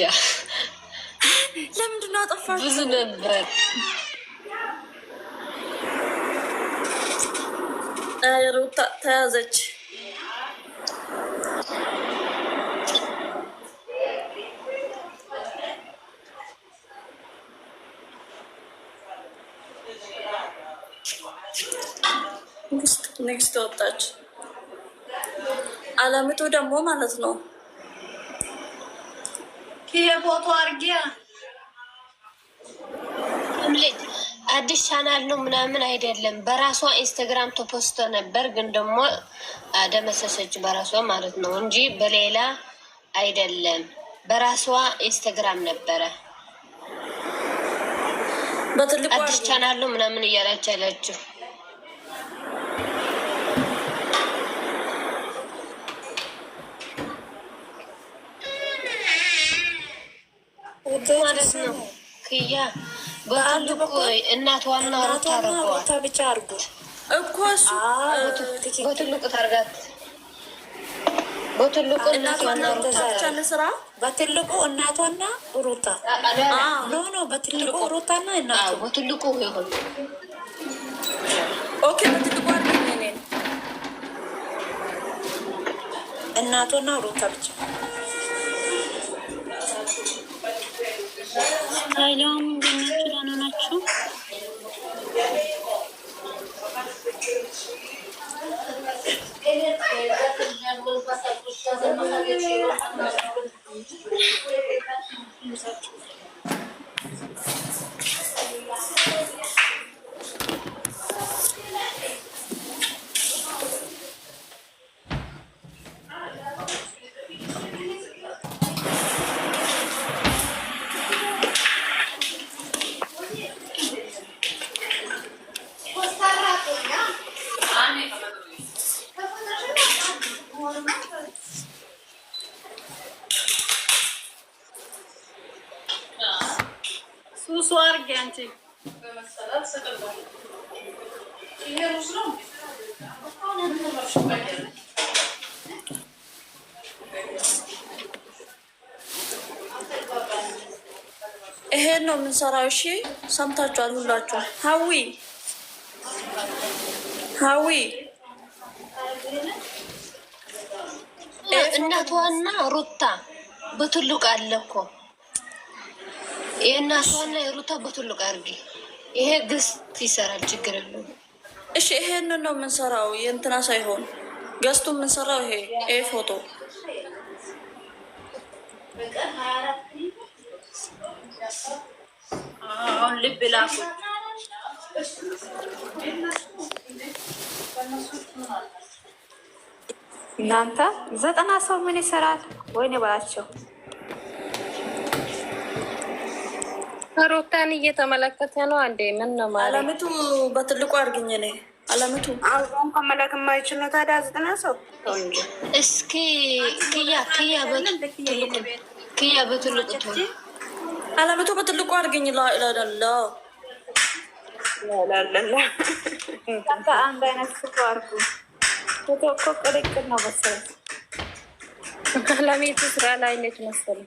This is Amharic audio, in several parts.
ያ ለምንድን ነው አጠፋችሁ? ብዙ ነበር። ሩታ ተያዘች። ንግስት ወጣች። አለምቱ ደግሞ ማለት ነው ይሄ አርጌ አዲስ ቻናል ነው ምናምን አይደለም። በራሷ ኢንስታግራም ተፖስቶ ነበር፣ ግን ደግሞ አደመሰሰች በራሷ ማለት ነው እንጂ በሌላ አይደለም። በራሷ ኢንስታግራም ነበረ። አዲስ ቻናል ነው ምናምን እያላች ያለችው ውድ ማለት ነው። ክያ በአንድ እናቷና ሩታ ብቻ አርጉ እኮ እሱ በትልቁ ታርጋት በትልቁ እናቷና ሩታ በትልቁ እናቷና ሩታ ኖ ኖ በትልቁ ሩታና እናቷ በትልቁ ይሁን። ኦኬ በትልቁ እናቷና ሩታ ብቻ ኃይለውም እንደናችሁ ደህና ናችሁ? ሙሶ አድርጌ አንቺ ይሄን ነው የምንሰራው። እሺ ሰምታችኋል ሁላችሁ። ሀዊ ሀዊ እናቷና ሩታ በትልቅ አለ እኮ የእናቷና የሩታ በትልቅ አድርጊ። ይሄ ግስት ይሰራል፣ ችግር የለም። እሺ፣ ይሄንን ነው የምንሰራው፣ የእንትና ሳይሆን ገስቱ የምንሰራው ይሄ ይሄ ፎቶ አሁን ልብ እናንተ ዘጠና ሰው ምን ይሰራል? ወይኔ ባላቸው ሮታን እየተመለከተ ነው። አንዴ ምን ነው ማለት አለምቱ፣ በትልቁ አድርግኝ ነ አለምቱ አሁን ከመላክ የማይችል ነው። ታዲያ ዘጠና ሰው እስኪ ክያ ክያ ክያ በትልቁ አለምቱ፣ በትልቁ አድርግኝ ላላላ ላላላ አንድ አይነት ስቶ አርጉ ፎቶ እኮ ቅልቅል ነው መሰለኝ። አለሜቱ ስራ ላይ ነች መሰለኝ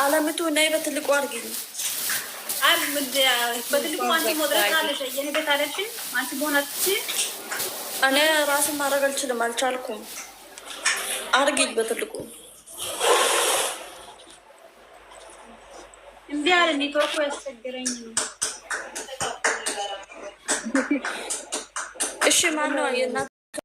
አለምቱ ነይ በትልቁ አድርጊ። በትልቁ አለሽ እኔ ራስን ማድረግ አልችልም፣ አልቻልኩም። አድርጊ በትልቁ እምቢ አለ። ኔትወርኩ ያስቸግረኝ ነው። እሺ ማነው የእናት